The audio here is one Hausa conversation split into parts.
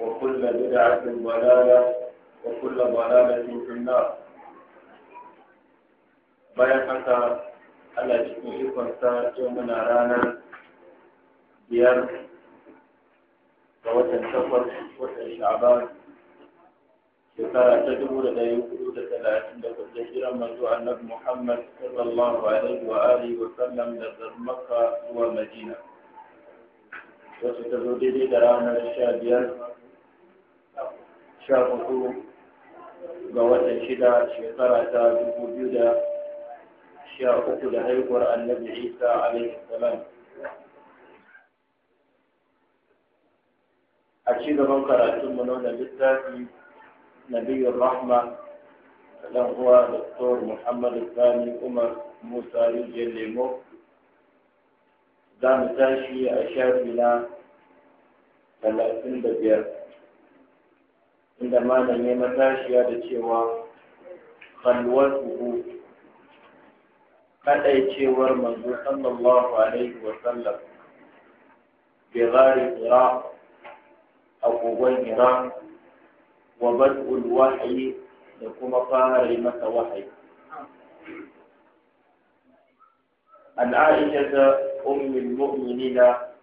وكل بدعة ضلالة وكل ضلالة في النار بيحك على جميعك وستات يوم رانا ديار ووتن سفر وتن شعبان شكرا تدعو لدي وقود ثلاثين وتجرى مرضو النبي محمد صلى الله عليه وآله وسلم لذر مكة ومدينة وتتبدي لدرانا الشاديات sha hudu ga watan shida shekara ta dubu biyu da sha uku da haihuwar annabi isa alaihi salam a ci gaban karatun mu na wannan littafi nabiyu rahma dan uwa doktor muhammadu sani umar musa rijiyar lemo za mu tashi a shafi na talatin da biyar inda malam ya matashiya da cewa khalwatuhu cewar manzo sallallahu alaihi wa sallam bi ghari qira agogon hira wa bad'ul wahyi da kuma fara yi masa wahayi an aisha ta ummul mu'minina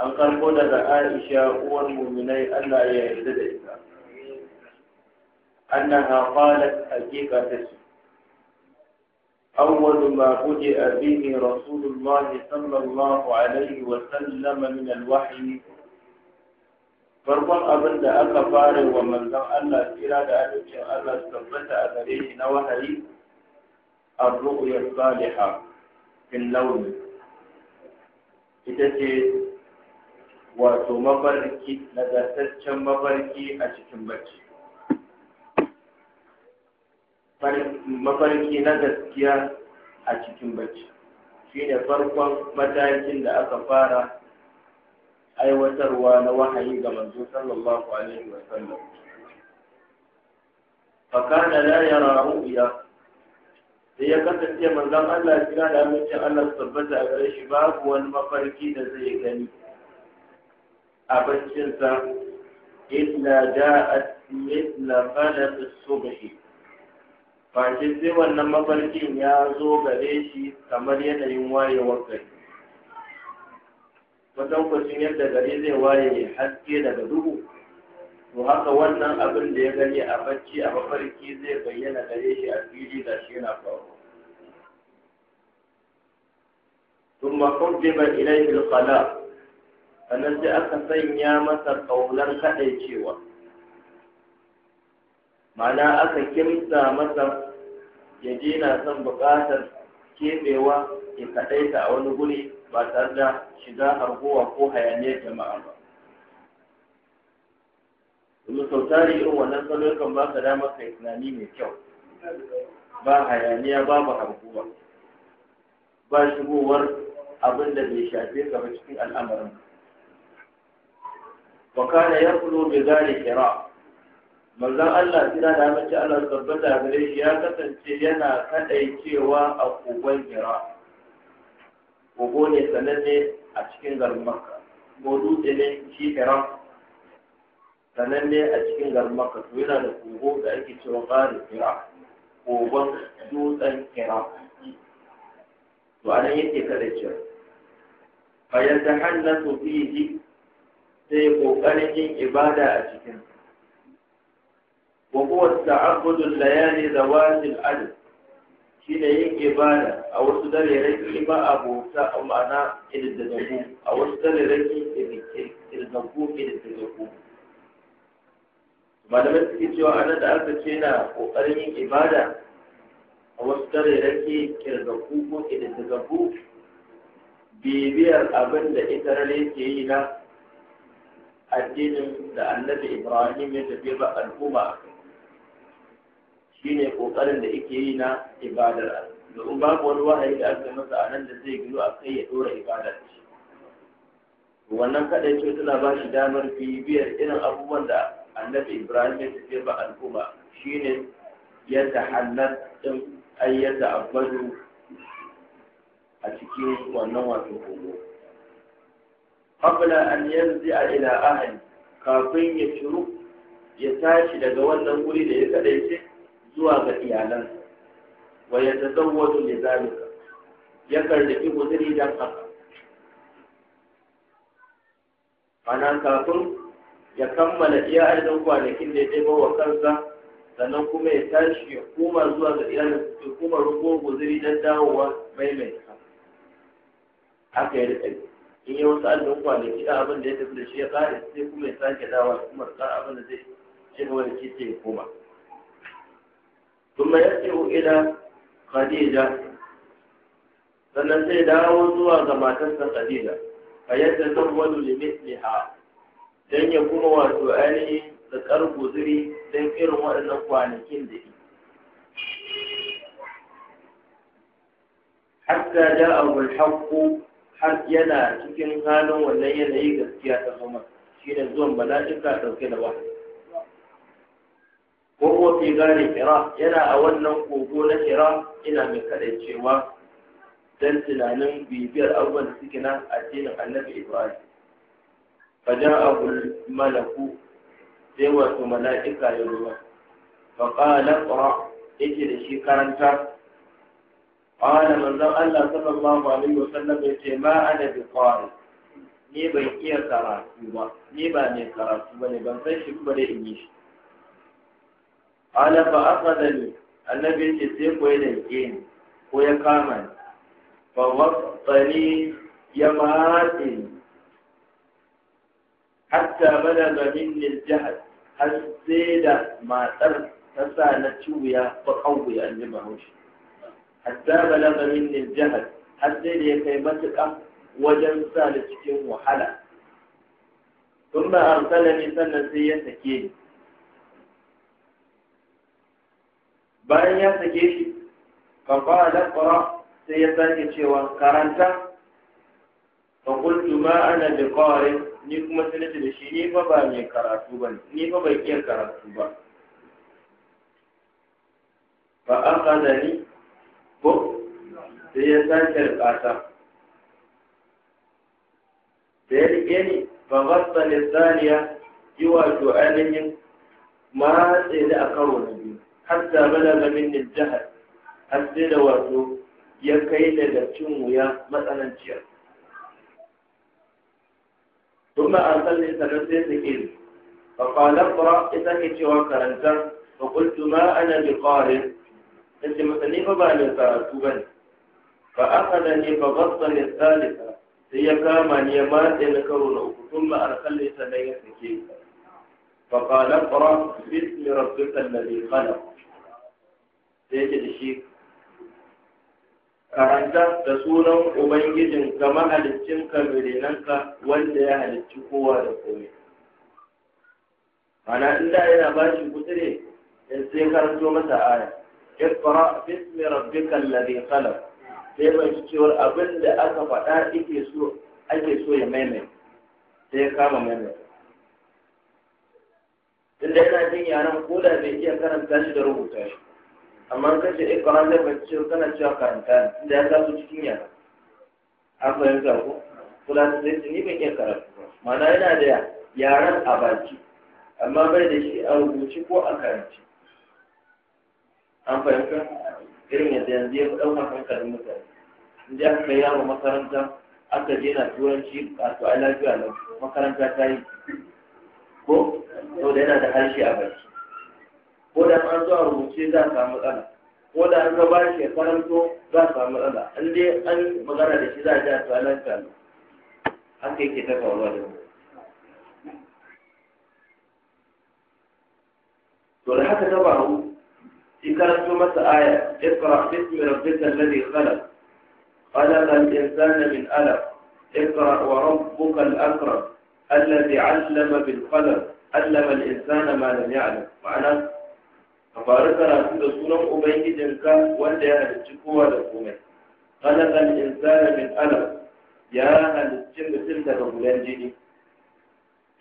an karbo daga aisha uwar muminai allah ya yarda da ita Annan qalat hakika ta ce أول ما بدأ به رسول الله sallallahu alaihi wa sallama min alwahi. farkon abin da aka fara wa manzan Allah tsira da abincin Allah su tabbata a gare shi na wahayi ar-ru'ya salihah fil Launi. ita ce wato mafarki nagartaccen mafarki a cikin bacci mafarki na gaskiya a cikin bacci shi ne farkon matakin da aka fara aiwatarwa na wahayi ga manzo sallallahu alaihi wa sallam fakana la yara ru'ya sai ya kasance manzon Allah ya da mutum Allah tabbata a gare shi babu wani mafarki da zai gani abincinsa illa ja'at mithla falat as ba shi sai wannan mafarkin ya zo gare shi kamar yanayin wayewar gari kwatankwacin yadda gari zai waye haske daga duhu to haka wannan abin da ya gani a bacci a mafarki zai bayyana gare shi a fili da shi yana faruwa ثم قدم إليه الخلاء sannan sai aka sanya masa ƙaunar kaɗai cewa ma'ana aka kimsa masa ya je na son buƙatar keɓewa ya kaɗaita a wani guri ba tare da shiga harguwa ko hayaniyar jama'a ba domin sau tari irin wannan salo kan ba ka damar ka tunani mai kyau ba hayaniya babu harguwa ba shigowar abin da bai shafe ka ba cikin al'amarin wa kana yaqulu bi zari manzon Allah kira da mace Allah tabbata gare shi ya kasance yana cewa a kogon kira kogo ne sananne a cikin garin Makka ko dutse ne shi kira sananne a cikin garin Makka to yana da kogo da ake cewa zari kira kogon dutsen kira to anan yake kadaicewa fa yatahannasu fihi sai ƙoƙarin yin ibada a cikin wa huwa ta'abbudul layali zawatil shi shine yin ibada a wasu dare dareraki ba a bauta a ma'ana ididdigagu a wasu dare dareraki ididdigagu ididdigagu malamai suke cewa ana da aka ce na ƙoƙarin yin ibada a wasu dare dareraki kirgagu ko ididdigagu bibiyar abin da ita rare ke yi na addinin da annabi ibrahim ya tafi ba al'umma shine kokarin ƙoƙarin da yake yi na ibadar domin babu wani wahayi da aka masa a nan da zai gino a kai ya ɗora ibadar shi wannan kaɗai ce tana ba shi damar bibiyar irin abubuwan da annabi ibrahim ya tafi ba al'umma shine yadda hannar ɗin ayyar da a cikin wannan wato kogo قبل أن ينزع ila أهل kafin ya shiru ya tashi daga wannan wuri da ya لذلك zuwa ga iyalansa wa ya كافر يكمل zalika ya karbi guduri dan haka kammala kwanakin da ya kansa sannan kuma ya tashi ya koma zuwa ga iyalin ya koma rukun guzuri don dawowa maimaita haka ya rikai in yi wasu allon kwanaki a abin da ya tafi da shi ya kare sai kuma ya sake dawa kuma tsara abin da zai ce gaba wani shi sai ya koma ya ce إلى Khadija. sannan sai dawo zuwa ga matarsa Khadija a yadda zan limit ne misliha dan ya kuma wato ainihi da kargo zuri don irin waɗannan kwanakin da yi hatta ja'a al haƙƙo. har yana cikin halin wannan yanayi gaskiya ta zama shi ne zuwan mala'ika ɗauke da wahayi ko kuwa fi gane kira yana a wannan kogo na kira ina mai kaɗai cewa don tunanin bibiyar abubuwan da suke na addinin annabi ibrahim mala'ika ya سوى ملائكة يوم ƙura yake da shi karanta. قال من ذا الله صلى الله عليه وسلم ما أنا بقارئ ni ban iya karatu ba ni ba mai karatu ba ne ban san shi kuma da in yi shi ala fa aqada ni annabi ya ce sai ko ya danke ni ko ya kama ni fa wasani ya matse ni hatta balaga minni al jihar har sai da matsar ta sa na ciwuya ko kauya an ji bahaushe hatta balaga minni jahal har sai da ya kai matuƙa wajen sa da cikin wahala thumma arsalani sannan sai ya sake ni bayan ya sake shi kafa da qara sai ya sake cewa karanta fa ma ana biqari ni kuma sai nace da shi ni fa ba mai karatu ba ni fa bai iya karatu ba fa ni. ko sai ya sake ƙasa. Da ya riƙe ni ba ba ta nisaniya yi wato ainihin matsayi da a karo na biyu har da bala ga minin jihar har sai da wato ya kai daga cin wuya matsananciya kuma an san ne sanar sai su ke fafalan ita ke cewa karanta ba kuntu ma ana bi ƙarin na ce masa ni fa ba ne karatu ba ne fa aka da ne fa gasta ne tsalika sai ya kama ni ya matse na karo na uku tun ba alkalli sannan ya sake Ba fa kala fara bismi rabbika alladhi khalaq sai yake da shi karanta da sunan ubangijin ka mahaliccin ka birinanka wanda ya halicci kowa da komai mana in da yana bashi kuture in sai karanto masa aya اقرأ باسم ربك الذي خلق sai ban cewar abin da aka faɗa ake so ake so ya maimai sai ya kama maimai tun da yana jin yaran ko da bai iya karanta shi da rubuta shi amma ka ce ikra zai ban cewa kana cewa karanta tun da ya taso cikin yara an fahimta ko kula da zai ni ban iya karatu ba ma'ana yana da yaran a baki amma bai da shi a rubuce ko a karance an fahimta irin yadda yanzu ya fi ɗaukar hankalin mutane in aka kai yawon makaranta aka je na turanci wato ai lafiya na makaranta ta yi ko to da yana da harshe a baki ko da an zo a rubuce za a samu matsala ko da an gaba shi ya karanto za a samu matsala an je an magana da shi za a ji a to ai lafiya na haka yake ta faruwa da mu to da haka ta faru ذكرت ثم آية اقرأ باسم ربك الذي خلق خلق الإنسان من ألف اقرأ وربك الأكرم الذي علم بالقلم علم الإنسان ما لم يعلم معنى فارس رسول سورة أبيه جنكا وليا هلتشكوا لكمه خلق الإنسان من ألف يا هلتشم سلتا بمولانجيني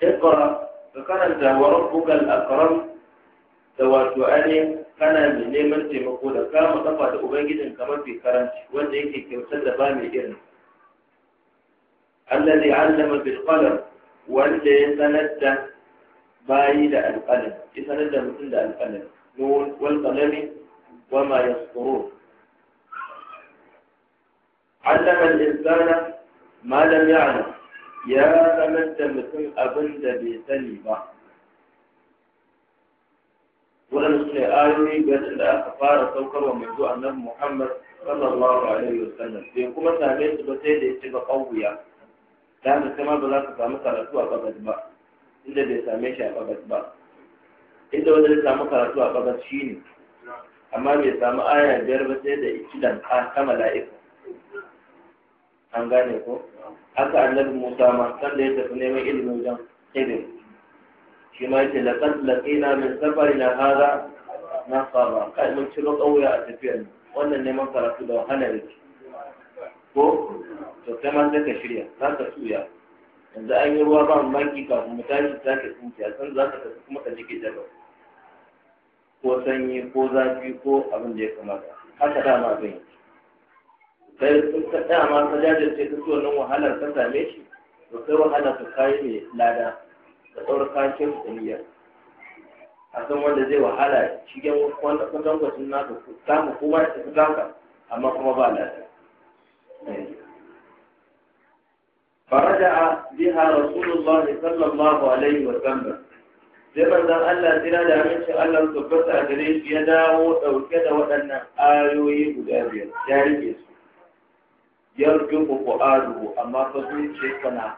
اقرأ فقال انت وربك الأكرم سواء سؤالي kana mai neman taimako da kama kafa da ubangijin kamar bai karanci wanda yake kyautar da ba mai irin allazi allama bil qalam wanda ya sanar da bayi da alqalam ya sanar da mutum da alqalam nun wal qalami wa ma yasqurun allama al insana ma lam ya'lam ya sanar da mutum abin da bai sani ba waɗanda suke ayoyi biyar da aka fara saukar wa mai zuwa annabi Muhammad sallallahu alaihi wasallam bai kuma same su ba sai da ya ci ga ƙauya da haka kai ma ba za ka samu karatu a ƙabas ba inda bai same shi a ƙabas ba inda wanda ya samu karatu a ƙabas shi ne amma bai samu aya biyar ba sai da ici dan ta mala'ika an gane ko haka annabi Musa ma sanda ya tafi neman ilimin wajen Khidir shi ma yace laqad laqina min safarina na saba, kai mun ciro kauya a tafiya ne, wannan neman karatu da wahala yake ko to kai ma sai ka shirya za ka suya yanzu an yi ruwa ba mu maki kafin mu tashi za ka tsinci san za ka tafi kuma ka jike jaba ko sanyi ko zafi ko abin da ya kamata haka ma zai yi kai sun ka dama ka jajirce ka so nan wahalar ka same shi to kai wahalar ka kayi mai lada da ɗaura kayan kyau da a san wanda zai wahala shigen wanda kwatankwacin naka samu kuma da tafi zaka amma kuma ba lafiya فرجع بها رسول الله صلى الله عليه وسلم sai manzon Allah tsira da amince Allah tabbata da gare shi ya dawo dauke da waɗannan ayoyi guda biyar ya rike su ku fu'aduhu amma fa zuciyarsa na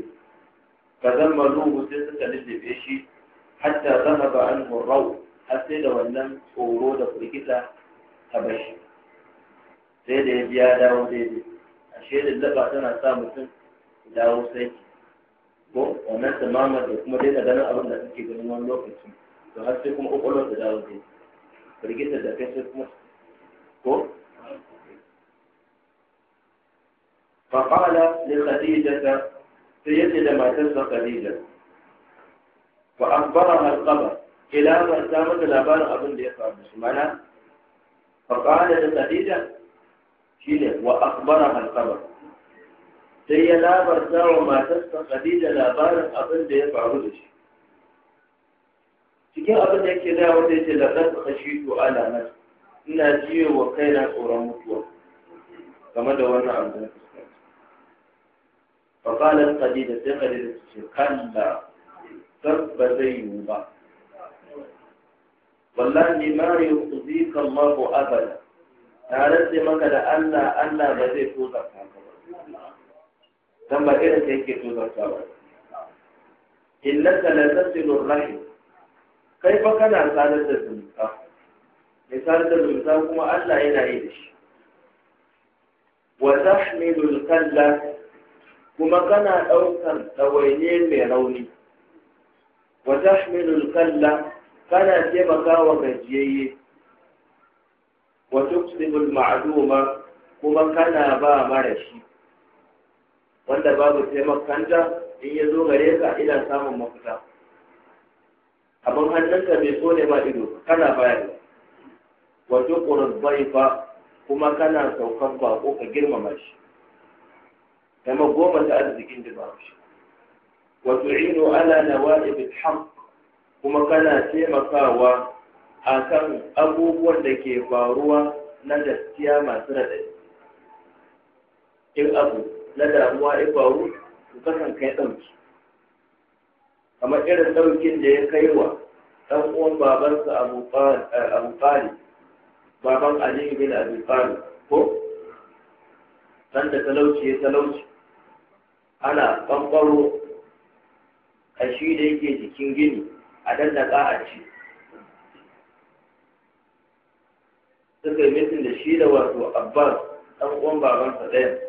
فذملوه سيسك للبيشي shi hatta عنه الروح har sai da wannan tsoro da firgita ta bashi sai da ya biya dawo daidai a shaidar laba tana sa mutum dawo sai ko wannan tamama da kuma daina ganin abin da suke ganin wani lokaci to har sai kuma ƙwaƙwalwar da dawo daidai firgita da kai sai kuma ko فقال لخديجة sai yace da matarsa Khadija fa akhbaraha al-qabr ila ta mata labarin abin da ya faru shi mana fa qala da Khadija shine wa akhbaraha al-qabr sai ya labarta wa matarsa Khadija labarin abin da ya faru da shi cikin abin da yake da wanda yake da ɗan kashitu ala nan, ina jiyo wa kaina tsoron mutuwa game da wannan abin فقالت da sai Khadija ce kalla ba zai yiwu ba wallahi ma kan mako abada na rantse maka da Allah Allah ba zai tozarta ka ba dan ba irin ta yake tozarta ba innaka la tasilu rahim kai fa kana sadar da zumunta misal da zumunta kuma Allah yana yi da shi wa tahmilu al-kalla kuma kana ɗaukar ɗawaine mai rauni wa tahmilul kalla kana taimaka wa gajiyayye wa tuksibul ma'duma kuma kana ba mara shi wanda babu taimakanta in ya zo gare ka ina samun mafita abin hannunka bai so ne ba ido kana bayarwa wa tuqrid dhaifa kuma kana saukan bako ka girmama shi kama goma ta arzikin da ba shi wa tu'inu ala nawa'ib al-haq kuma kana taimakawa akan abubuwan da ke faruwa na gaskiya masu radadi in abu na damuwa ya faru to kasan kai dauki Kama irin daukin da ya kai wa dan uwan babansa Abu Talib baban Ali bin Abi Talib ko dan da talauci ya talauci ana a ƙashi da yake jikin gini a dandaka a ci suka yi mitin da shi da wato abbas ɗan uwan babansa ɗaya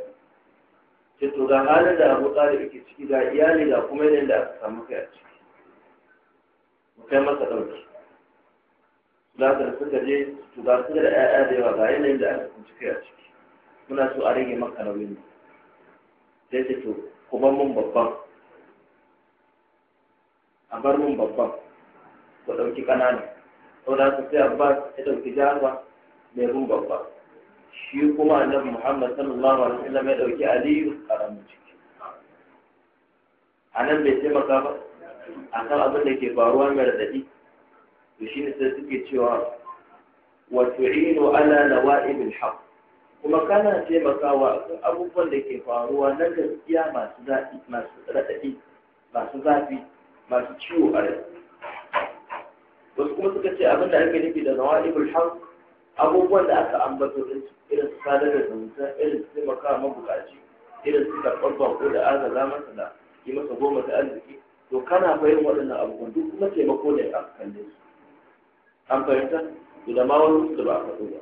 ce to ga halin da abu tsari yake ciki ga iyali ga kuma yanayin da aka samu kai a ciki mu kai masa ɗauki za ka suka je to ga suka da ƴaƴa da yawa ga yanayin da aka samu kai a ciki muna so a rage maka nauyin sai ce to ku bar mun babban a bar mun babban ku ɗauki ƙananan saboda su sai abbas ya ɗauki jarwa mai mun babba. shi kuma annabi muhammad sallallahu alaihi wasallam ya ɗauki aliyu ƙaramin ciki a nan bai taimaka ba a kan abin da ke faruwa mai raɗaɗi to shi ne sai suke cewa wa tu'inu ala nawa'ib ibin haqq kuma kana taimakawa kan abubuwan da ke faruwa na gaskiya masu zafi masu raɗaɗi masu zafi masu ciwo a rai wasu kuma suka ce abin da ake nufi da ibul haq abubuwan da aka ambato din irin su sadar da zumunta irin su taimaka mabukaci irin su karɓar bako da agaza masa da yi masa goma ta arziki to kana fahim waɗannan abubuwan duk kuma taimako ne a kalle su an fahimta to da ma wani da ba a faɗo ba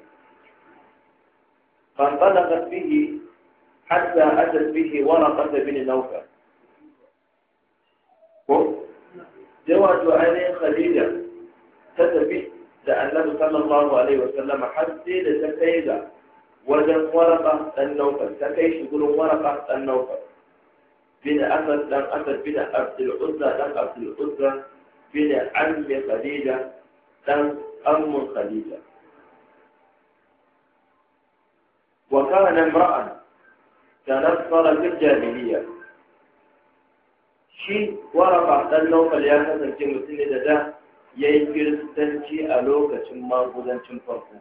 فانطلقت به حتى أتت به ورقة بن نوفل جواز عين خديجة تتبي لأن النبي صلى الله عليه وسلم حتى لتكيد وجد ورقة النوفل تكيش يقول ورقة النوفل بن أسد لم أسد بن عبد العزة لم عبد العزة بن أم خديجة لم أم خديجة وكان امرأ تنصر في الجاهلية shi waraba dan naufal ya kasance mutum ne da da ya yi kiristanci a lokacin magudancin farko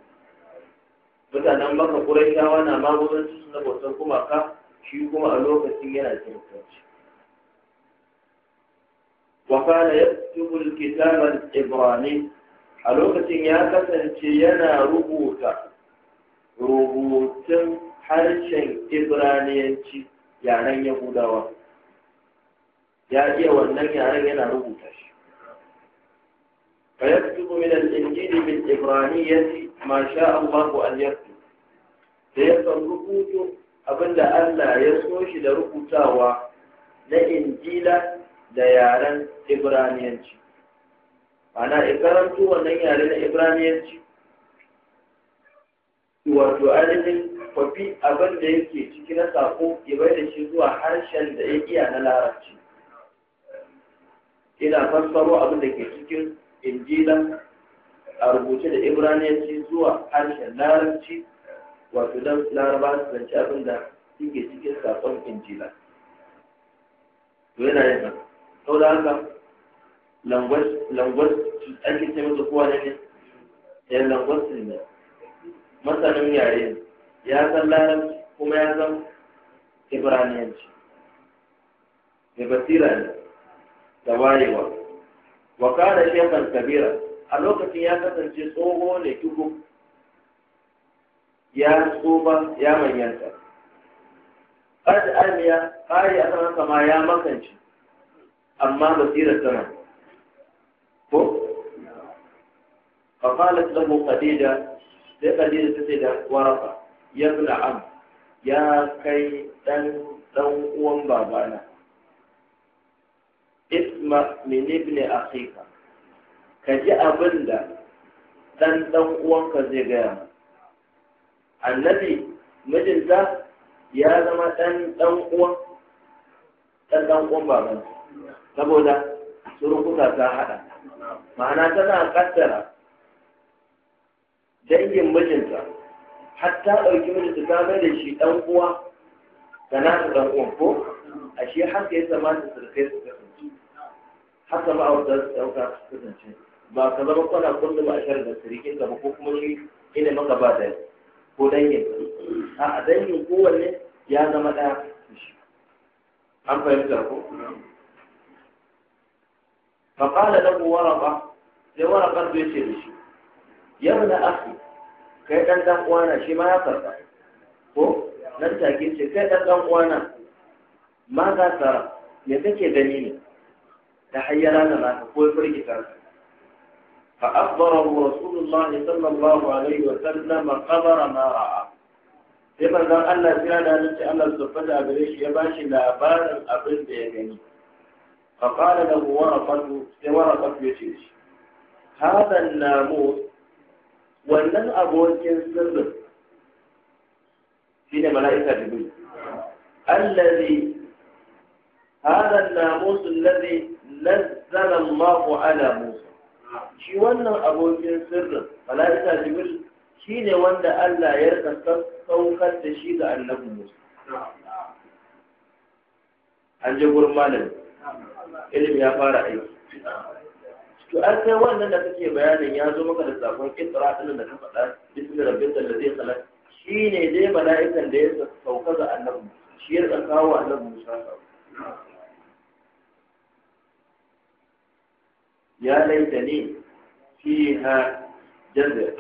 mutanen baka ƙuraishawa na magudanci suna bautar gumaka shi kuma a lokacin yana kiristanci wakana ya tubul kitabar a lokacin ya kasance yana rubuta rubutun harshen ibraniyanci yaren yahudawa ya iya wannan yaren yana rubuta shi fayaktubu min al-injili min ibraniyati ma sha Allahu an yaktub da ya san rubutu abinda Allah ya so shi da rubutawa na injila da yaren ibraniyanci ana ikarantu wannan yare na ibraniyanci wato ainihin kwafi abin da yake ciki na sako ya bai da shi zuwa harshen da ya iya na larabci ina fassaro abin da ke cikin injila a rubuce da ibraniyanci zuwa harshen larabci wato don laraba su zance abin da suke cikin sakon injila to yana yin sau da haka langwas ake ce kowa ne eh, ne yan langwas ne masanin yare ya san larabci kuma ya san ibraniyanci mai basira ne da wayewa wa kana shekar kabira a lokacin ya kasance tsoho ne tuku ya tsufa ya manyanta kad almiya kari a sanar kama ya makance amma basirar tana ko فقالت له خديجة sai khadija ta ce da waraka ya bula an ya kai dan dan uwan babana isma min ibn akhika ka ji abin da dan dan uwanka zai gaya annabi mijinta ya zama dan dan uwan dan dan uwan babansa saboda surukuka ta hada ma'ana tana kaddara dangin mijinta har ta ɗauki mijinta ta mai da shi ɗan uwa da nasu ɗan uwan ko a shi haka ya zama da surkai su kasance haka ma a su ɗauka su kasance ba ka zama kwana kullum a shirin da surikin ka ba ko kuma shi ina maka ba da ko dangin a dangin kowanne ya zama ɗaya an fahimta ko فقال له ورقة sai warakar zai ce da shi ya na afi kai ɗan ɗan uwana shi ma ya farka ko nan take ce kai ɗan ɗan uwana ma za ka me take gani ne ta hayyara na ma ko ta fa akhbarahu rasulullahi sallallahu alaihi wa sallam qabara ma ra'a sai manzon Allah ya da ce Allah subhanahu wa gare shi ya bashi labarin abin da ya gani fa qala lahu warqatu sai ya yace shi an-namus wannan abokin sirrin shine mala'ika biyu allazi هذا musu الذي نزل mako ala musu shi wannan abokin sirrin malaika shi shine wanda Allah ya rika saukar da shi ga annabu. musu an je gurin malami ilimi ya fara aiki to an kai wannan da kake bayanin ya zo maka da sakon kitra ɗin da ka faɗa bismi rabbin da zai salat shi ne dai mala'ikan da ya sauka ga annabi shi ya kawo annabi musa ya laita ne fiha jazir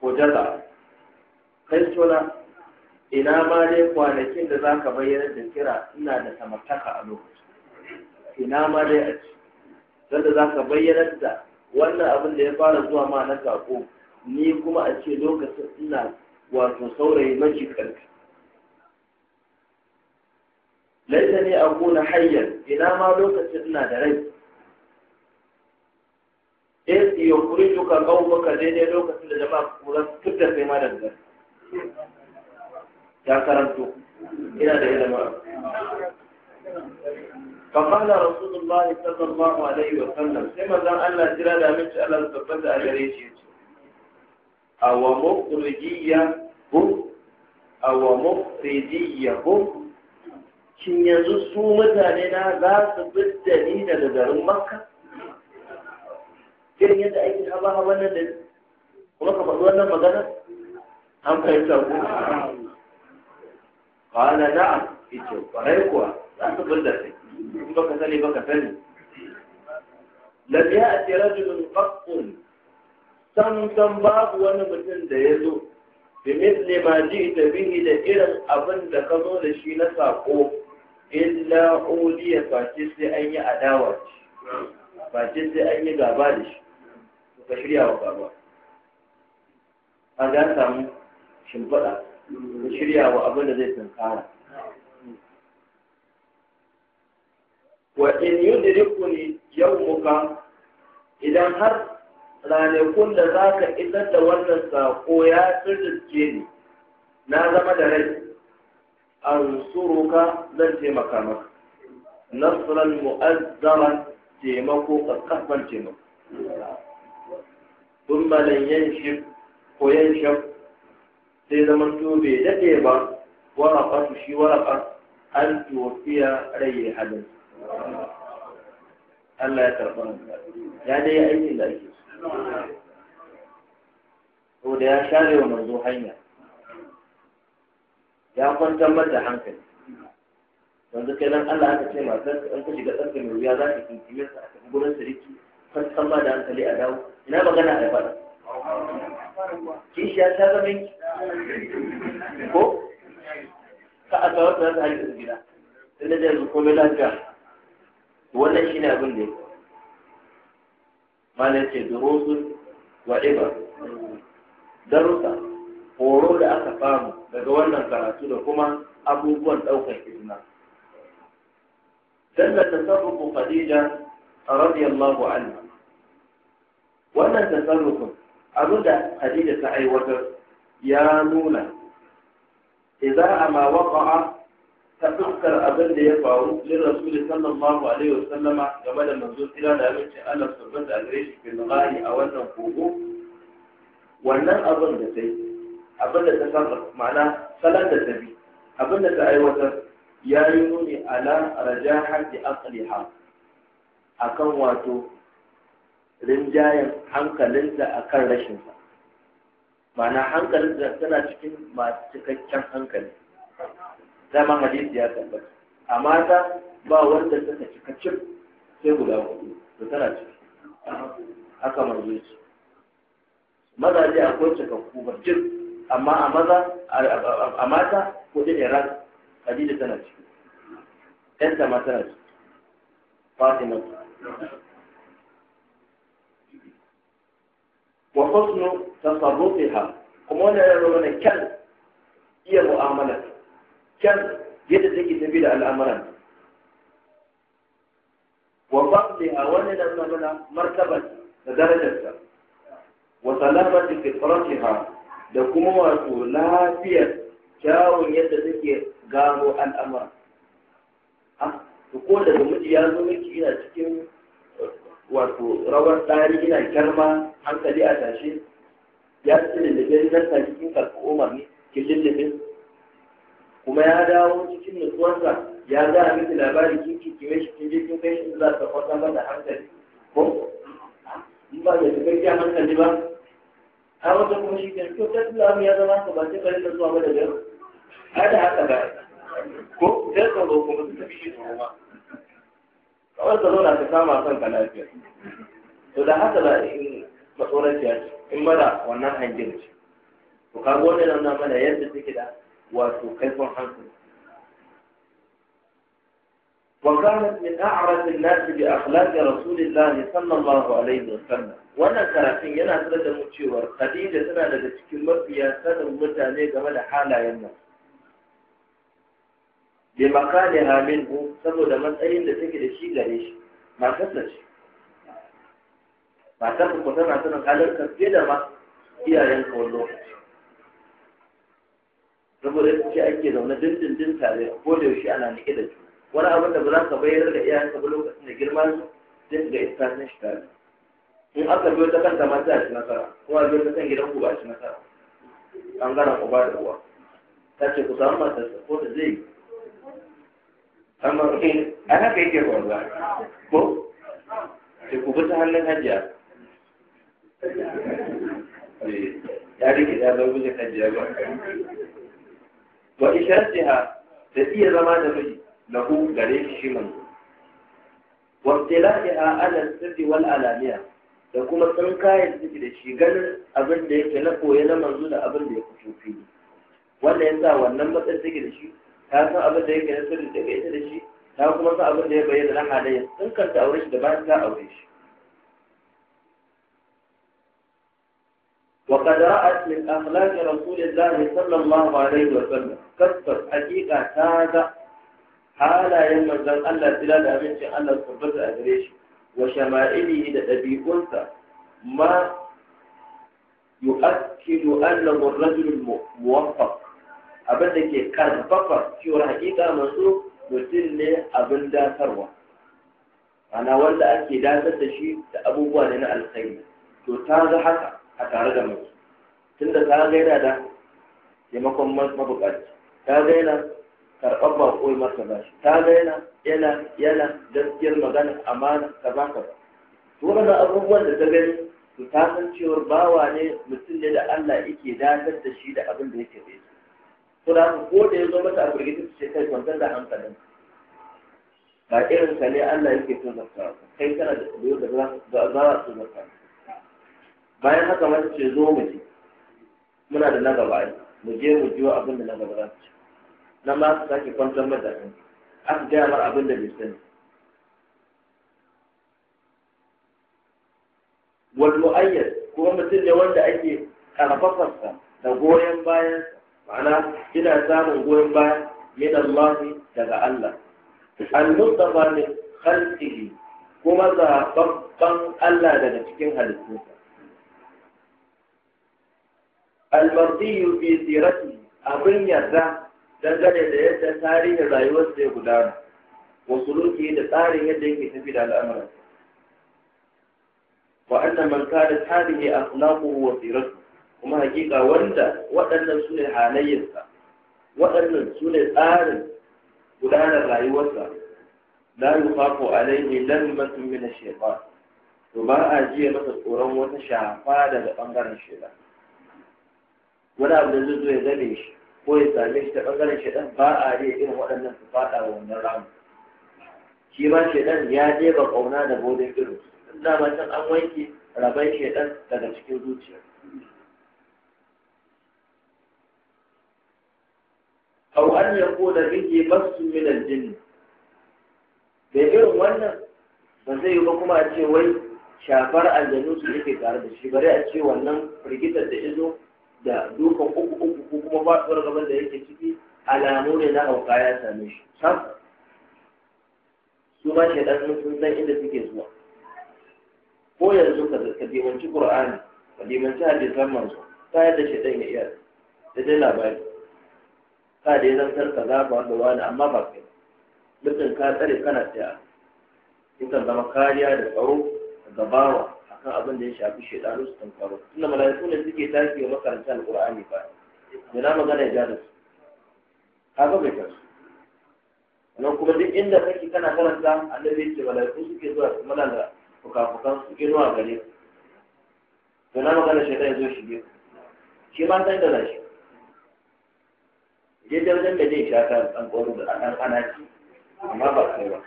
ko jaza kai suna ina ma dai kwanakin da za ka bayyana da kira ina da samartaka a lokacin ina ma dai a ci sanda za ka bayyanar da wannan abin da ya fara zuwa ma na sako ni kuma a ce lokacin ina wato saurayi maji ƙarfi laita ne a kuna hayyar ina ma lokacin ina da rai in iya kuri duka ƙaunaka daidai lokacin da jama'a kuran da sai ma daga ya karanto ina da ilimin فقال رسول الله صلى الله عليه وسلم سمى ذا ألا جلالة مش ألا تفتى أجريش أو مخرجية هو أو مخرجية هو كن يزسو مثالنا لا تفتى دين لدر مكة كن يدعي الهواء وندل كما قبل أن مدنا أم فيتا قال نعم إتو فريقوا za ka burda kai in baka sani baka sani lam ya'ti rajulun qattun san san babu wani mutum da ya zo bi mithli ma ji ji'ta biyu da irin abin da ka zo da shi na sako illa uliya face sai an yi adawa face sai an yi gaba da shi ka shirya wa gaba a ga samu shimfiɗa ka shirya wa abin da zai tunkara wa in yudrikuni yawmuka idan har ranakun da za ka isar da wannan saƙo ya tsirriske ni na zama da rai an suruka zan taimaka maka nasran mu'azzaran taimako ƙasƙafan taimako sun malan yanshi ko yanshaf sai zaman to bai daɗe ba waraƙa shi waraƙa an tuwafiya rai halin Allah ya karɓi nan ya dai aikin da ake so da ya share wa manzo hanya ya kwantar mata hankali yanzu kai nan Allah aka ce masu an ka shiga tsarki mai wuya za ka kinkime sa a tafi gurin sarki kan san ba da hankali a dawo ina magana a faɗa kishi ya sha zama ko ka a tsawon da za ta hajji gida sai da jami'in mai lafiya wannan shi ne abin da ya mana ce durusun wa'iba ibar darussa horo da aka samu daga wannan karatu da kuma abubuwan ɗaukar izina dalla tasarrufu khadija radiyallahu anha wannan tasarrufin abin da khadija ta aiwatar ya nuna idza ma waqa'a ta fuskar abin da ya faru lin rasuli sallallahu alaihi wa sallama game da manzo tsira da abinci Allah subhanahu da gare shi bil ghari a wannan kogo wannan abin da sai abin da ta saka ma'ana salat da tabi abin da ta aiwatar ya yi nuni ala rajahati aqliha akan wato rinjayen hankalinta akan rashinsa ma'ana hankalinta tana cikin masu cikakken hankali zaman hadisi ya tabbata a mata ba wanda ta cika cik sai guda hudu to tana ciki haka manzo ce a akwai cikakku ba cif amma a maza a mata ko da iran hadisi tana ciki ɗanta ma tana ciki fatima wa husnu tasarrufiha kuma wannan ya nuna kyan iya mu'amala can yadda take tafi da al'amuran wa a wani nan mana martabar da darajarta wa salamati fitratiha da kuma wato lafiyar kyawun yadda take gano al'amuran to ko daga miji ya zo miki ina cikin uh, wato rawar tsari ina kyarma hankali a tashe ya ci da da na ta cikin karɓi umarni ki lulluɓe kuma ya dawo cikin nutsuwarsa ya za a miki labari kin kikime shi kin je kin kai shi za ka kwanta mata hankali ko in ba da cikakken hankali ba a wata kuma shi kenan to ta islamu ya zama ka ba sai ka rinka zuwa ba da gari a da haka ba ko Zai ka zo kuma su tafi shi kuma kawai ka zauna ka kama kanka lafiya to da haka ba in matsoranciya ce in mara wannan hangin ce to kaga wannan nan mana yadda take da wato kaifin hankali وكانت من أعرف الناس بأخلاق رسول الله صلى الله عليه وسلم wannan karatun yana sanar da mu cewar Khadija tana daga cikin mafiya sanin mutane game da halayen nan bi makani hamin hu saboda matsayin da take da shi gare shi matar ta ce tana sanin halin ka da ma iyayen wani lokaci saboda ce ake zaune dindindin tare ko da yaushe ana nike da su wani abin da ba za ka bayar da iyayen ka ba lokacin da girma su sai ga iskasin shi tare in aka biyo ta kanta ma sai a ci nasara ko a biyo ta kan gidan ku ba a ci nasara ku uba da uwa ta ce ku samu matarsa ko da zai yi amma in eh, an haka yake faruwa ko sai ku bi ta hannun hajiya eh, ya rike ya zama bijin hajiya ba wa ishatiha da iya zama da miji lahu gare shi shi mai wa tilaha ala sirri wal alamiya da kuma san kayan ciki da shi ganin abin da yake na koye na manzo da abin da ya fito wanda ya sa wannan matsayin take da shi ta san abin da yake na sirri daga ita da shi ta kuma san abin da ya bayyana na halayya sun kanta aure shi da bayan ta aure shi وقد رأت من أخلاق رسول الله صلى الله عليه وسلم كثر حقيقة هذا حالا يمن ذن الله تلا دامن شاء الله صبت أدريش وشمائله لأبي أنثى ما يؤكد أنه الرجل الموفق abinda ke karfafa cewar hakika masu mutum ne abin datarwa ana wanda ake datar da shi da abubuwa ne na alkhairi to ta ga haka a tare da tun tunda ta gaina da taimakon mabukaci ta gaina karɓar bako masa ba bashi ta gaina yana yana gaskiyar magana amana ka ba to wannan abubuwan da ta gani su ta san cewar bawa ne mutum ne da Allah yake dakar da shi da abin da yake bai su da ko da ya zo mata a firgita su ce kai kwantar da hankalin ba irin ka ne Allah yake so zakka kai kana da da za su zakka bayan haka mata ce zo mu je muna da na gaba ai mu je mu jiwa abin da na gaba za ci nan ma su sake kwantar mata ɗin aka gaya mar abin da bai sani wal ayyar kuma mutum ne wanda ake karfafarsa da goyon bayan ma'ana ina samun goyon bayan, min Allah daga Allah al-mustafa min khalqihi kuma zababban Allah daga cikin halittunsa almardiyu fi sirati abin yarda dangane da yadda tarihin rayuwarsa ya gudana wasu lokaci da tsarin yadda yake tafi da al'amuran wa'anda anna man kanat a akhlaquhu wa siratuhu kuma hakika wanda waɗannan su ne halayyarsa waɗannan su ne tsarin gudanar rayuwarsa la yukhafu alaihi lammatun min ash-shaytan to ba a jiya masa tsoron wata shafa daga ɓangaren shaytan wani abu da zai zo ya zame shi ko ya same shi ta ɓangaren shaɗan ba a yi irin waɗannan su faɗa wa wannan ramu shi ma shaɗan ya jefa ƙauna da bodin irin ina ma can an wanke rabai shaɗan daga cikin zuciya أو ko da rike مس من jini. da irin wannan ba zai yi ba kuma a ce wai shafar aljanu su yake tare da shi bare a ce wannan firgitar da izo da dukan uku uku ko kuma faɗuwar gaban da yake ciki alamu ne na hauka ya same shi sam su ma ɗan sun san inda suke zuwa ko yanzu ka dimanci qur'ani ka dimanci hadisan manzo ta yadda shaidan ya iya da dai labari ka da zan zartar za ba da wani amma ba kai mutum ka tsare kana tsaya ita zama kariya da tsaro da gabawa kan abin da ya shafi shaidanu su tunkaro tunda mala'iku ne suke tashi wa makaranta alqur'ani ba me na magana ya ja da su kaga bai kasu nan kuma duk inda kake kana karanta annabi ya ce mala'iku suke zuwa su mana da fukafukan su inuwa gare ku to na magana shaidan ya zo shi biyu? shi ma san da zashi je da wajen da zai sha ta dan kwaro da ɗan ana amma ba kai ba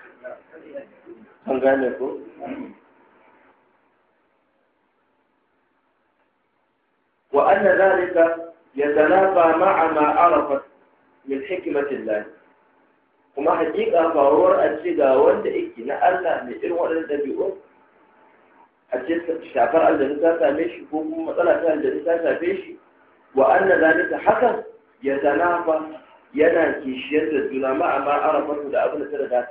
an gane ko وأن ذلك يتنافى مع ما عرفت من حكمة الله kuma hakika faruwar a ce ga wanda na Allah mai irin waɗannan ɗabi'u a ce shafar aljanu ta same shi ko kuma matsala ta aljanu ta shafe wa anna zalika hakan ya tanafa yana kishiyar da juna ma amma arafatu da abin da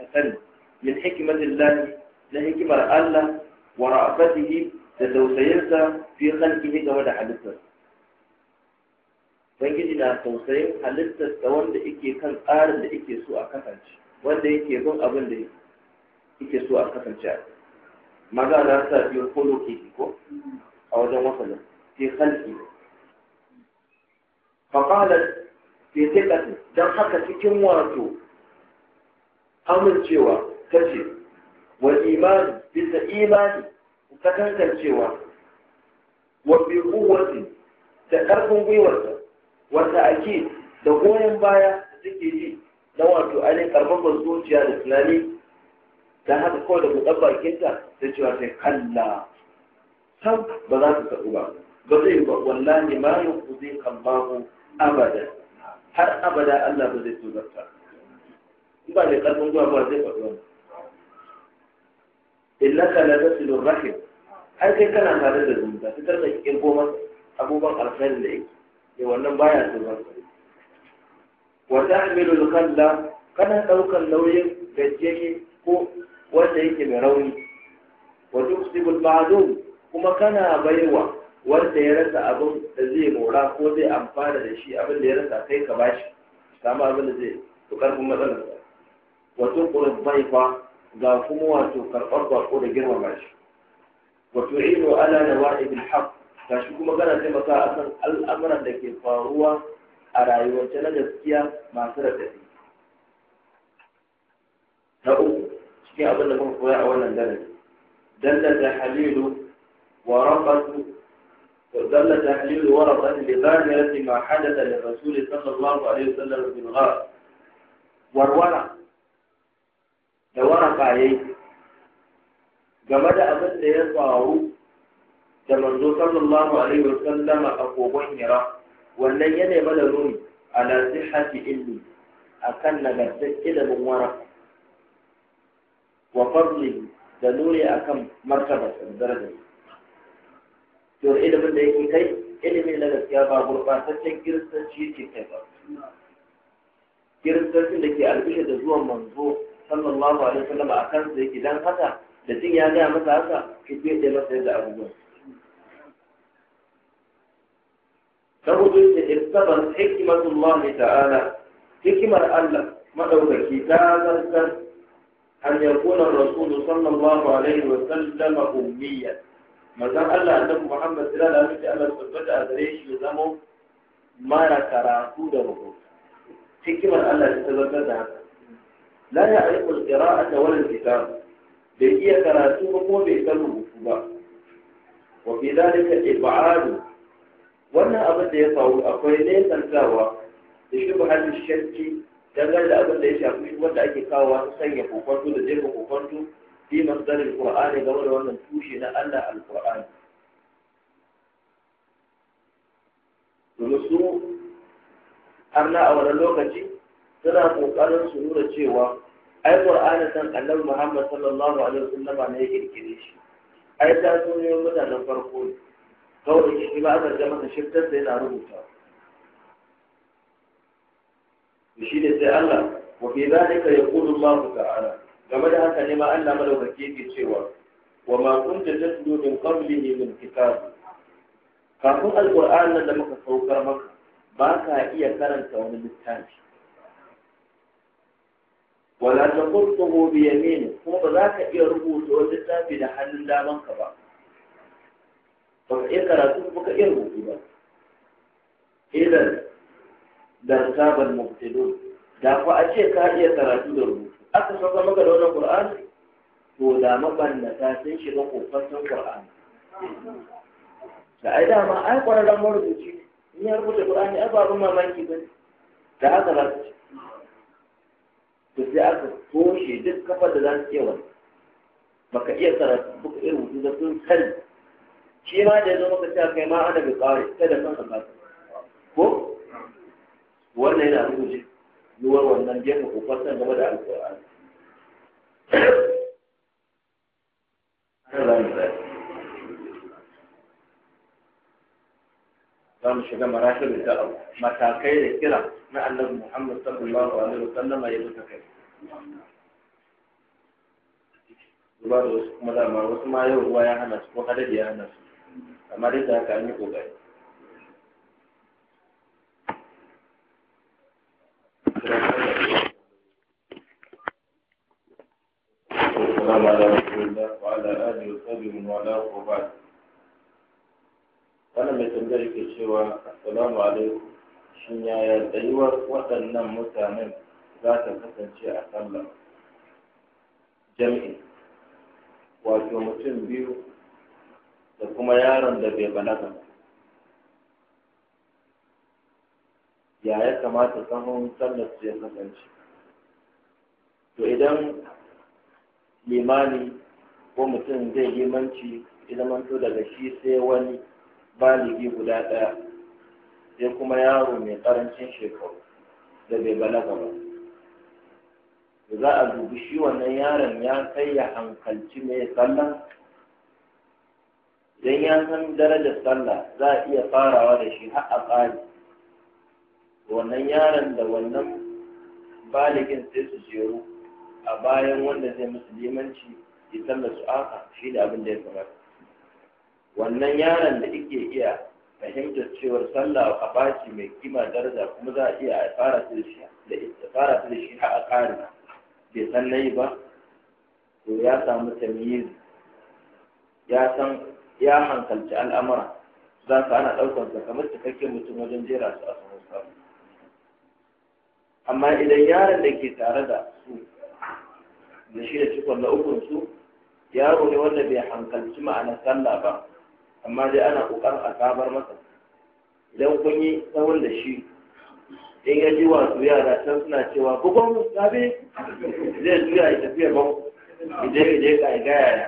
na hikimar Allah wa da tausayinsa fi game da halittarsa ubangiji na tausayin halittar da wanda yake kan tsarin da yake so a kasance wanda yake bin abin da yake so a kasance a maza na sa biyu kolo ke ko a wajen wasalin ke halki faƙalar fi tiƙatin don haka cikin wato amincewa ta ce wa imani bisa imani ka tantancewa wa bi da ƙarfin gwiwarsa wanda ake da goyon baya da take ji na wato ainihin karfafan zuciya da tunani da haka kawai da buɗar bakinta da cewa sai kalla sam ba za su taɓu ba ba zai yi ba wallahi ma ku zai kan abada har abada Allah ba zai zarta in ba da karfin zuwa ba zai faɗi wani na la tasilu rahim har kai kana tare da zumunta fitar da kirgo masa abubuwan alfahari da yake ne eh, wannan baya zubar wa ta'milu al kana daukan nauyin gajiyayye ko wanda yake mai rauni wa tusibu al kuma kana baiwa wanda ya rasa abin da zai mora ko zai amfana da shi abin da ya rasa kai ka bashi kama abin da zai to karfin matsalar wa tuqru baifa ga kuma wato karɓar bako da girmama shi wa tu'inu ala nawa'ib al-haqq gashi kuma kana taimaka a san al'amuran da ke faruwa a rayuwance na gaskiya masu raɗaɗi na uku cikin abin da kuma koya a wannan darasi dallata halilu wa rabatu da تحليل ورقة da ma hadata da صلى الله عليه وسلم في الغار والورق da waraka ya yi game da abin da ya faru da manzo sallallahu alaihi wa sallam a kogon hira wannan ya nema da nuni ala sihhati ilmi akan nagartar ilimin wara wa fadli da nuni akan martaba daraja to ilimin da yake kai ilimin na gaskiya ba gurbataccen kiristanci yake kai ba kiristancin da ke albishe da zuwan manzo sallallahu alaihi wa a kan su yake dan haka da jin ya gaya masa haka fiye da masa yadda abubuwan ta hudu da irtabar hikimatullah ta'ala hikimar Allah madaukaki ta zartar an yakuna rasulu sallallahu alaihi wa sallam ummiyan manzon Allah annabi Muhammad sallallahu alaihi wa sallam tabbata a gare shi ya zamo mara karatu da rubutu hikimar Allah ta zartar da haka la ya'rifu al-qira'ata wal kitab bai iya karatu ba kuma bai san rubutu ba wa fi dalika ibadu wannan abin da ya faru akwai ne nesantawa da shi hannun shakki dangane da abin da ya shafi shi wanda ake kawowa ta sanya kokonto da jefa kokonto fi masdarin qur'ani game da wannan tushe na Allah al domin su Allah a wani lokaci suna kokarin su nuna cewa ai qur'ani san annabi Muhammad sallallahu alaihi wasallama ne ya kirkire shi ai ta zo ne mutanen farko ne kawai da shi ba a zarga masa shirtar da yana rubuta to shi ne sai Allah wa fi zalika yaqulu Allah ta'ala game da haka ne ma Allah madaukake yake cewa wa ma kunta tatlu min qablihi min kitab kafin alqur'an nan da muka saukar maka ba ka iya karanta wani littafi wala taqutuhu bi yamin kuma ba za ka iya rubuta wani littafi da hannun damanka ba ba ka iya karatu ba ka iya rubutu ba idan da sabon mubtilu da fa a ce ka iya karatu da rubutu aka sauka maka da wannan qur'ani to da mabannata sun shiga kofasan qur'ani da ai dama ai kwararren marubuci in ya rubuta qur'ani ai ba abin mamaki ba da aka rasu to sai aka toshe duk kafar da za su iya wani baka iya karatu baka iya rubutu da sun sani shi ma da yanzu muka ce kai ma ana bi kawai ta da san Allah ko wannan yana rubuce yuwar wannan jefa kokarsan game da alƙur'ani za mu shiga marashin da matakai da kira na annabi Muhammad sallallahu alaihi wasallam ya mutu kai Ba da wasu kuma dama wasu ma yau ruwa ya hana su ko hadari ya hana su amma duk da haka an yi kokari السلام على رسول الله وعلى آله وصحبه ومن والاه وبعد أنا السلام عليكم waɗannan mutanen za ta kasance a sallah jam'i wato mutum biyu da kuma yaron da bai balaga ya ya kamata sahun sallar su ya kasance to idan limani ko mutum zai limanci idan manto daga shi sai wani baligi guda ɗaya sai kuma yaro mai ƙarancin shekaru da bai balaga ba za a dubi shi wannan yaron ya kai ya hankalci mai sallan idan ya san darajar sallah za a iya farawa da shi har a ƙari wannan yaron da wannan baligin sai su jeru a bayan wanda zai musu limanci ya sallar su aka shi da abin da ya kamata wannan yaron da yake iya fahimtar cewar sallah a baci mai kima daraja kuma za a iya fara su da shi da fara su da shi har a ƙari bai san nayi ba to ya samu tamyiz ya san ya hankalci al'amura za ka ana ɗaukar sa kamar cikakken mutum wajen jera su a sahun samu amma idan yaron da ke tare da su da shi da cikon na ukun su yaro ne wanda bai hankalci ma'anar sallah ba amma dai ana ƙoƙarin a sabar masa idan kun yi tsawon da shi in ya ji wasu yara can suna cewa gugun sabi zai juya ya tafiya ba idan ya je ka gaya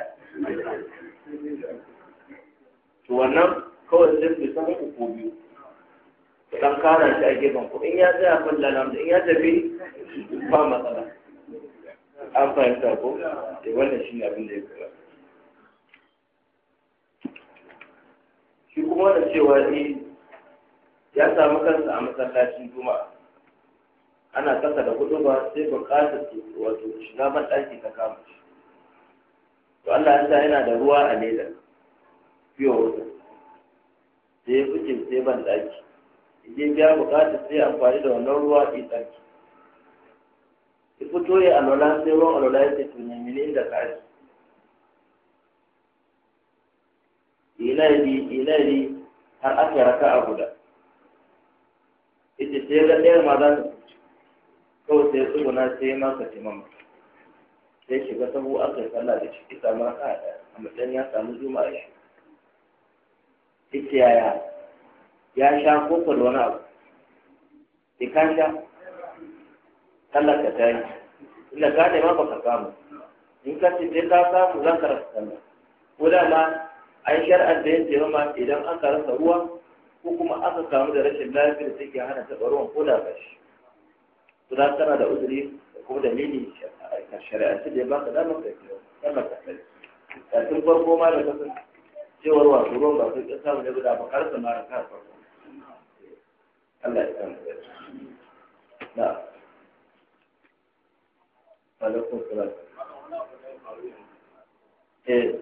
to wannan kawai zai fi sama uku biyu dan kana shi a gefen ku in ya tsaya kan lalam in ya tafi ba matsala an fahimta ko eh wannan shine abin da ya kula shi kuma da cewa eh ya samu kansa a masallacin juma'a ana kasa da kudu ba sai bukatar wato shiga ban ɗaki ta kama shi to Allah ya sa yana da ruwa a leda biyo wuta sai ya fice sai ban daki idan biya bukata sai amfani da wannan ruwa ɗi tsarki Ki fito ya alwala sai ruwan alwala ya ce tuni da inda ka aji ilari ilari har aka raka a guda ita sai ga ɗaya ma za ta kawai sai tsuguna sai ma ka ce sai shiga sabo aka yi sallah da shi samu ka a matsayin ya samu juma'a shi ita yaya ya sha koko wani abu da ka sha sallar ka ta yi inda ka nema ba ka samu in ka ce sai ka samu zan ka rasa sallar ko da ma an shar'ar da yin taimama idan aka rasa ruwa ko kuma aka kamu da rashin lafiya da take hana taɓa ruwan ko da ba shi to za tana da uzuri da kuma dalili a shari'ance da ya baka damar kai sallar ka ta yi farko ma da kasance cewar wato ruwan ba sai ƙasa mu ne ba, ba karsa ma ran kar farko Allah ya san na alaikum salam eh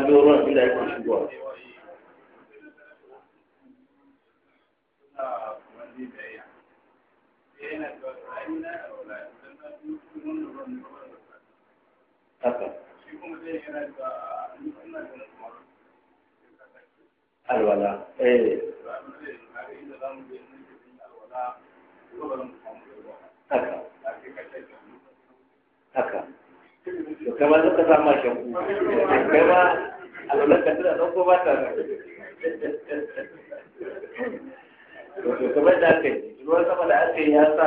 zagayo ruwan inda yake alwala to kai ma suka sa ma shan kai ma alwalar ka tana ɗauko ba ta to kamar da aka yi ruwan sama da aka yi ya sa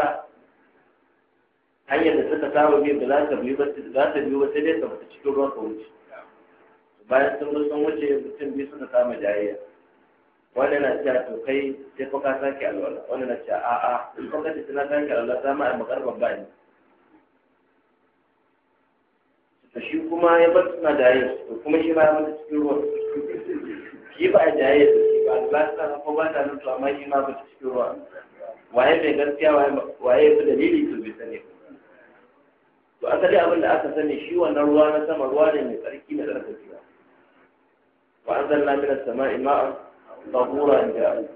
hanyar da suka saba biyu ba za ta biyu ba za ta biyu ba sai dai kamar ta cikin ruwan ka wuce bayan sun zo sun wuce mutum biyu suna kama jayayya wanda na cewa to kai sai fa ka sake alwala wanda na cewa a'a in fa ka ce na sake alwala za mu ai magarban ba ni to shi kuma ya bar suna jaye to kuma shi ma ya mutu cikin ruwan shi ba a jaye da shi ba albasa ko ba ta mutu amma shi ma mutu cikin ruwan waye mai gaskiya waye fi dalili to bai sani to asali abin da aka sani shi wannan ruwa na sama ruwa ne mai tsarki na tsarkaki ba wa an zanna mina sama ima'an tahura in ja'a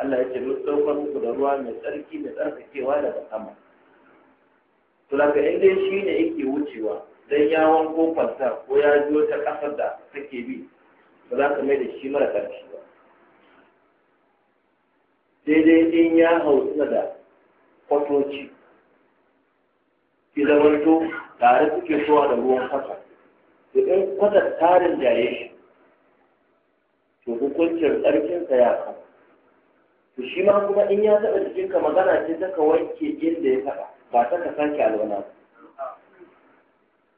Allah ya ce mun ɗaukar muku da ruwa mai tsarki mai tsarkakewa daga sama to daga inda shi ne yake wucewa dan yawon ta, ko ya ji wata kasar da take bi ba za ka mai da shi mara ƙarfi ba sai dai in ya suna da kwatoci ki zamanto tare suke zuwa da ruwan kwata da ɗan kwata tarin jaye shi to hukuncin ƙarfinsa ya kan to shi ma kuma in ya taɓa jikinka magana ce ta ka wanke inda ya taɓa ba ta ka sake alwana ba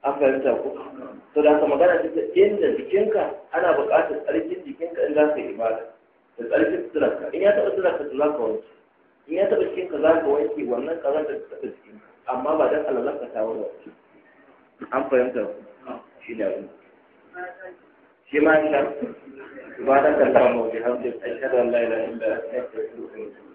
an fahimta ku to da ka magana ta inda jikinka ana buƙatar tsarkin jikinka in za ka yi ibada da tsarkin tsirarka in ya taɓa tsirarka to za ka wanke in ya taɓa jikinka za ka wanke wannan ƙazan da taɓa jikinka amma ba don ka ta wani wanke an fahimta ku shi ne abin shi ma shi ba da ka samu bi hamdin ashhadu an da ilaha illa anta astaghfiruka